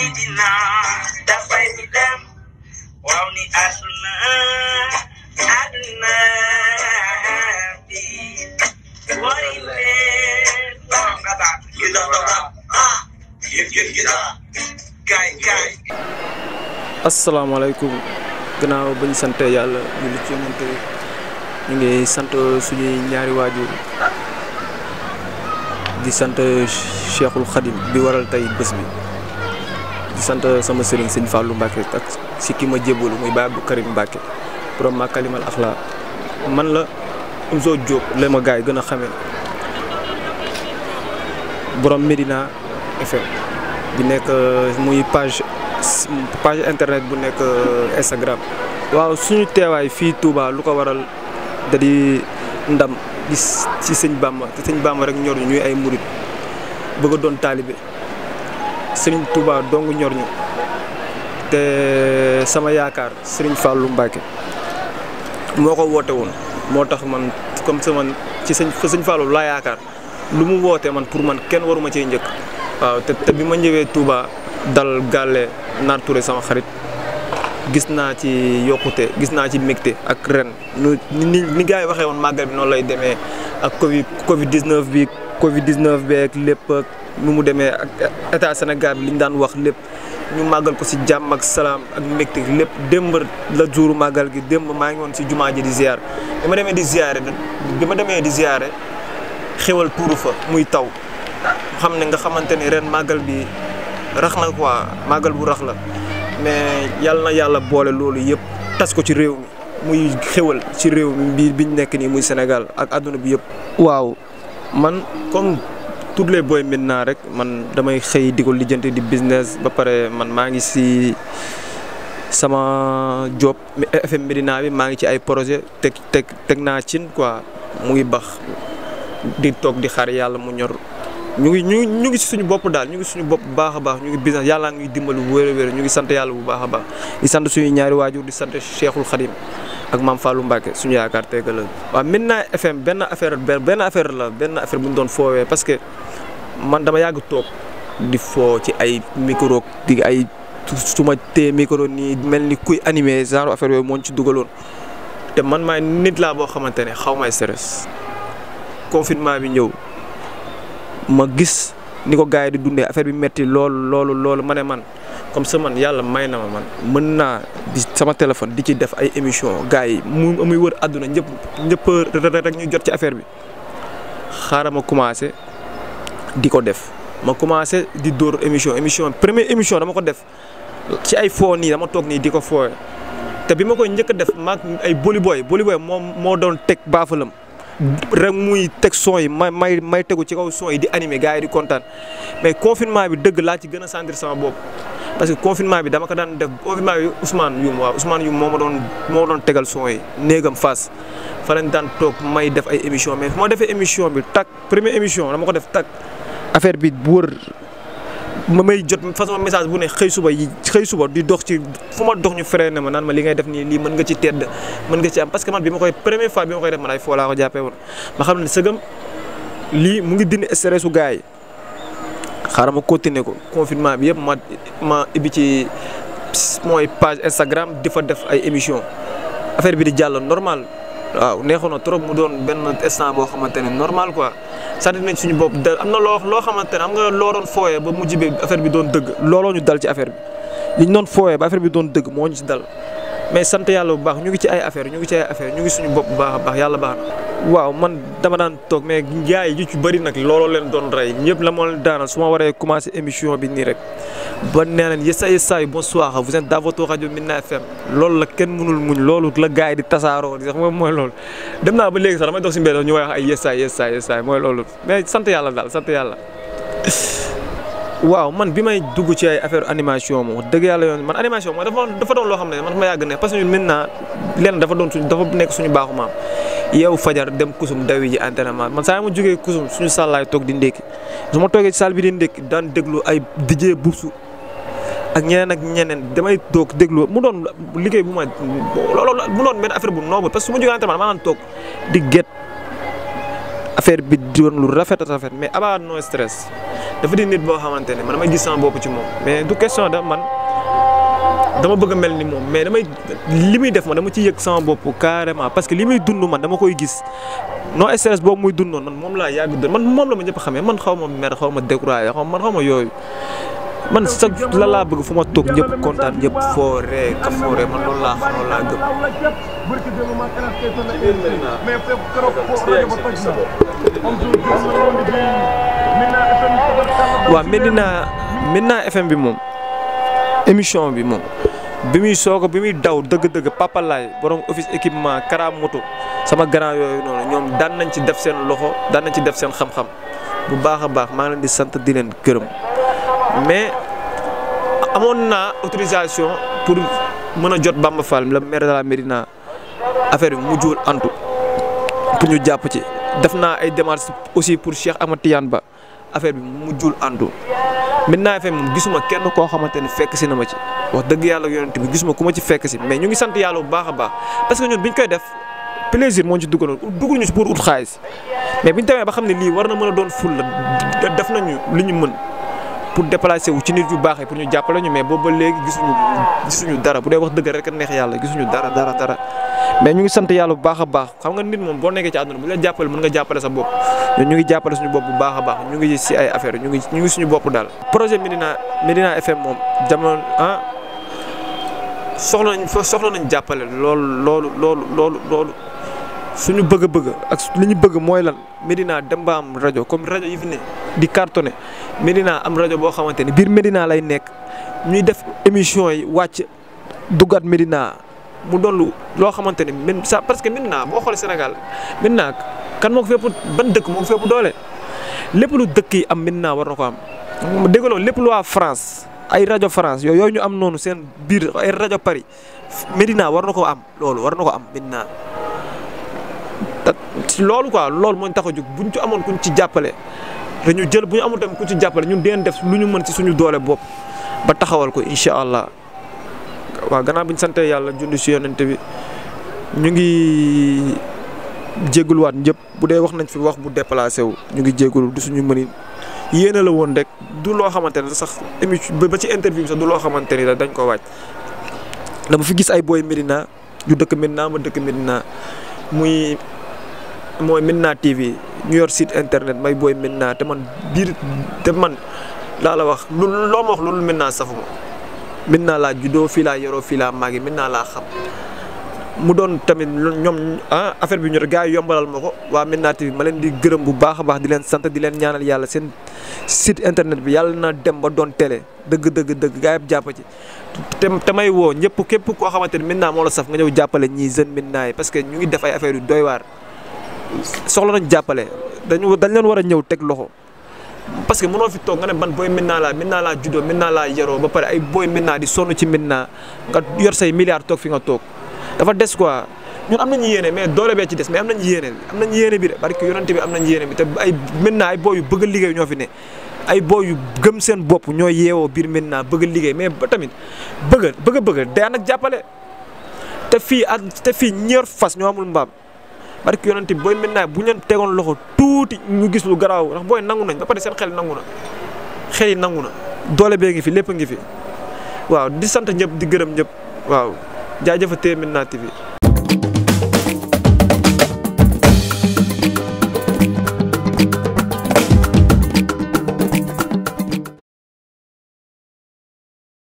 Seydina dafay di dem waaw ni àdduna bi wari leen kata kita ñu li sant suñuy ñaari waajur di sant Cheikhul Khadim bi waral tey bés bi di sant sama sëriñ sëñ Fallou Mbacke ak si kii ma jébalu muy Baye Abdou Karim Mbacke borom ma kalimal axlaa man la Omzo Diop la ma gars yi gën a xamee borom Medina FM di nekk euh, muy page page internet bu nekk euh, Instagram. waaw suñu teewaay fii tuubaa lu ko waral da di ndam gis si sëñ Bamba te sëñ Bamba rek ñor ñuy ay murit bëgg doon taalibe. Serigne Touba dong ñor te sama yaakaar Serigne Fallou Mbacke moo ko woote woon moo tax man comme sama ci sëñ sëñ Fallou laa yaakaar lu mu woote man pour man kenn waruma cee njëkk. waaw te bi ma ñëwee Touba dal gàlle naar Touré sama xarit gis naa ci yokkute gis naa ci mbégte ak ren nu ni ni gars yi waxee woon màggal bi noonu lay demee ak Covid Covid 19 bi Covid 19 beeg lépp ak. nu mu demee ak état Sénégal bi li ñu daan wax lépp ñu màggal ko si jàmm ak salaam ak mbégte lépp démb la juuru màggal gi démb maa ngi woon si jumaa ji di ziar dama demee di ziare bi ma demee di ziare xewal tuuru fa muy taw xam ne nga xamante ni ren màggal bi rax na quoi màggal bu rax la mais yàlla na yàlla boole loolu yëpp tas ko ci réew mi muy xewal ci réew mi bi biñ nekk nii muy Sénégal ak àdduna bi yëpp. waaw man comme. tout les boy maintenant rek man damay xëy di ko di business ba pare man maa ngi si sama job FM Médina bi maa ngi ci ay projet teg teg teg naa cin quoi mu ngi bax di toog di xaar yàlla mu ñor ñu ngi ñu ñu ngi si suñu bopp daal ñu ngi suñu bopp bu baax a baax ñu ngi business yàlla ngi dimbali bu wér a ñu ngi sant yàlla bu baax a baax di sant suñu ñaari waajur di sant Cheikhul Khadim ak maam Fallou Mbacke suñu yaakaar tegal la waaw Médina FM benn affaire benn affaire la benn affaire bu ñu doon foowee parce que man dama yàgg toog di foo ci ay micro di ay su ma micro nii mel ni kuy animé genre affaire yooyu moom ci dugaloon te man maay nit laa boo xamante ne xaw may stress confinement bi ñëw ma gis ni ko gars yi di dundee affaire bi metti loolu loolu loolu ma ne man. comme ça man yàlla may na ma man mën naa di sama téléphone di ci def ay émission gars yi mu muy wër àdduna ñëpp ñëpp rek ñu jot ci affaire bi xaaral ma commencé di ko def ma commencé di dóor émission émission première émission dama ko def ci ay foo nii dama toog nii di ko fooye te bi ma koy njëkk def mag ay boli boy boli boy moom moo doon teg baafalam rek muy teg son yi may may may tegu ci kaw son yi di anime gars yi di kontaan mais confinement bi dëgg laa ci gën a sentir sama bopp. parce que confinement bi dama ko daan def confinement bi Ousmane Youm waaw Ousmane Youm moo ma doon moo doon tegal son néegam fas fa daan toog may def ay émission mais fu ma defee émission bi tak première émission dama ko def tak affaire bi wër ma may jot façon message bu ne xëy suba yi xëy suba di dox ci fu ma dox ñu freiné ma naan ma li ngay def nii lii mën nga ci tedd mën nga ci am parce que man bi ma koy première fois bi ma koy def man ay foo ma xam ne sëgam lii mu ngi dindi stress su yi xaaral ma continuer ko confinement bi yëpp ma ma ibbi ci mooy page Instagram di fa def ay émission affaire bi di jàll normal waaw neexoon na trop mu doon benn instant boo xamante ne normal quoi cest à nañ suñu bopp da am na loo loo xamante ne am nga loo doon fooyee ba mu bi affaire bi doon dëgg looloo ñu dal ci affaire bi liñ doon fooyee ba affaire bi doon dëgg moo ñu ci dal. mais sant yàlla bu baax ñu ngi ci ay affaire ñu ngi ci ay affaire ñu ngi suñu bopp bu baax a baax yàlla baax na. waaw man dama daan toog mais gars yi yu ci bëri nag looloo leen doon rey ñëpp la moo leen su ma waree commencé émission bi nii rek ba nee nañ yessa yessaay bonsoir vous êtes dans votre radio Minna FM loolu la kenn mënul muñ loolu la gars yi di tasaaroo di sax moom mooy loolu. dem naa ba léegi sax damay dox si mbedd ñu wax ay yessaay yessaay yessaay mais sant yàlla daal sant yàlla. waaw man bi may dugg ci ay affaire animation moom dëgg yàlla yoon man animation mooy dafa dafa doon loo xam ne man ma yàgg ne parce que ñun maintenant lenn dafa doon suñ nekk suñu baaxu yow fajar dem kusum dawi ji entraînement man saa ma jógee kusum suñu salle laay toog di ndékki ma toogee ci bi di ndékki daan déglu ay DJ Bubsu ak ñeneen ak ñeneen damay toog déglu mu doon liggéey bu ma loolu mu doon benn bu noble parce que su ma jógee entraînement toog di get affaire bi di doon lu rafet a rafet mais abaa no stress. dafa di nit boo xamante ne man damay gis sama bopp ci moom mais du question da man dama bëgg mel ni moom mais damay li muy def man dama ci yëg sama bopp carrément parce que li muy dund man dama koy gis non stress boobu muy dund noonu man moom laa yàgg doon man moom la ma ñëpp xamee man xaw ma mer xaw ma découragé xaw ma man xaw ma yooyu. man sax la laa bëgg fu ma toog ñëpp kontaan ñëpp fooree ka fooree man loolu laa xam loolu laa gëm. waaw Medina Medina FM bi moom émission bi moom bi muy soog bi muy daw dëgg-dëgg Papa Laye borom office équipement kara moto sama grand yooyu noonu ñoom daan nañ ci def seen loxo daan nañ ci def seen xam-xam bu baax a baax maa ngi leen di sant di leen gërëm mais amoon naa autorisation pour mën a jot Bamba Fall le maire de la Médina affaire bi mujjul antu pour ñu jàpp ci def naa ay démarches aussi pour Cheikh Amath tiyaan Ba affaire bi mu jul àndu Médina FM moom gisuma kenn koo xamante ne fekk si na ma ci wax dëgg yàlla yonent bi gisuma ku ma ci fekk si mais ñu ngi sant yàlla bu baax a baax parce que ñun biñ koy def plaisir moo ñu ci dugaloon dugguñu si pour ut xaalis mais biñ demee ba xam ne lii war na mën a doon ful la def nañu li ñu mën pour déplacer wu ci nit yu baax pour ñu jàppale ñu mais boobu ba léegi gisuñu gisuñu dara bu dee wax dëgg rek neex yàlla gisuñu dara dara dara. mais ñu ngi sant yàlla bu baax a baax xam nga nit moom boo nekkee ci àdduna bu ñu la jàppale sa bopp ñu ngi jàppale suñu bopp bu baax a si ay affaire ñu ngi ñu ngi suñu bopp daal. projet Medina Medina FM moom jamono ah soxla nañ soxla jàppale loolu loolu loolu loolu loolu suñu bëgg-bëgg ak li ñu bëgg mooy lan Medina dem ba rajo comme rajo yi fi ne di cartonné Medina am rajo boo xamante ne biir Medina lay nekk ñuy def émission yi wàcc duggat Medina. mu doon lu loo xamante ni min sa parce que maintenant boo xoolee Sénégal maintenant kan moo ko fépp ban dëkk moo ko fépp doole lépp lu dëkk yi am maintenant war na ko am. mu déggaloo lépp lu France ay rajo France yooyu ñu am noonu seen biir ay rajo Paris Medina war na ko am loolu war na ko am maintenant. te loolu quoi loolu moo ñu tax a jóg buñ ci amoon kuñ ci jàppale ñu jël bu ñu amul tamit kuñ ci jàppale ñun deen def lu ñu mën ci suñu doole bopp ba taxawal ko incha allah. waaw gannaaw bi ñu santee yàlla junni si yonente bi ñu ngi jégaluwaat ñëpp bu dee wax nañ fi wax bu déplacé wu ñu ngi jégalu du suñu mënin yéene la woon rek du loo xamante ne sax émission ba ci interview bi sax du loo xamante ni dañ ko waaj dama fi gis ay booy Medina ñu dëkk Medina ma dëkk Medina muy mooy Medina TV ñu yor site internet may booy Medina te man biir te man laa la wax lu loo wax loolu Medina safuma mën naa laa juddoo fii laa yoroo fii laa màggi mën naa laa xam mu doon tamit ñoom ah affaire bi ñu gaa yi yombalal ma ko waa Médina TV ma leen di gërëm bu baax a baax di leen sant di leen ñaanal yàlla seen site internet bi yàlla na dem ba doon télé dëgg dëgg dëgg gaa yëpp jàpp ci. te te may woo ñëpp képp koo xamante ni Médina moo la saf nga ñëw jàppale ñii jeune Médina yi parce ñu ngi def ay affaire yu waar soxla nañ jàppale dañu dañ leen war a ñëw teg loxo. parce que mënoo fi toog nga ne man booy Médina laa Médina laa juddoo Médina laa yaroo ba pare ay booy Médina di sonn ci Médina nga yor say milliards toog fi nga toog dafa des quoi ñun am nañu yéene mais doole bee ci des mais am nañu yéene am nañu yéene bi de barke yonante bi am nañu yéene bi te ay Médina ay booy yu bëgg a liggéey ñoo fi ne ay booy yu gëm seen bopp ñooy yeewoo biir Médina bëgg liggéey mais ba tamit bëgg a bëgg a bëgg day jàppale te fii ak te fii ñër fas ñoo amul mbaam barki yonent bi booy Médina bu ñu leen tegoon loxo tuuti ñu gis lu garaaw ndax booy nangu nañ ba pare seen xel nangu na xel yi nangu na doole bee ngi fi lépp ngi fi waaw di sant ñëpp di gërëm ñëpp waaw jaajëfa tee Médina TV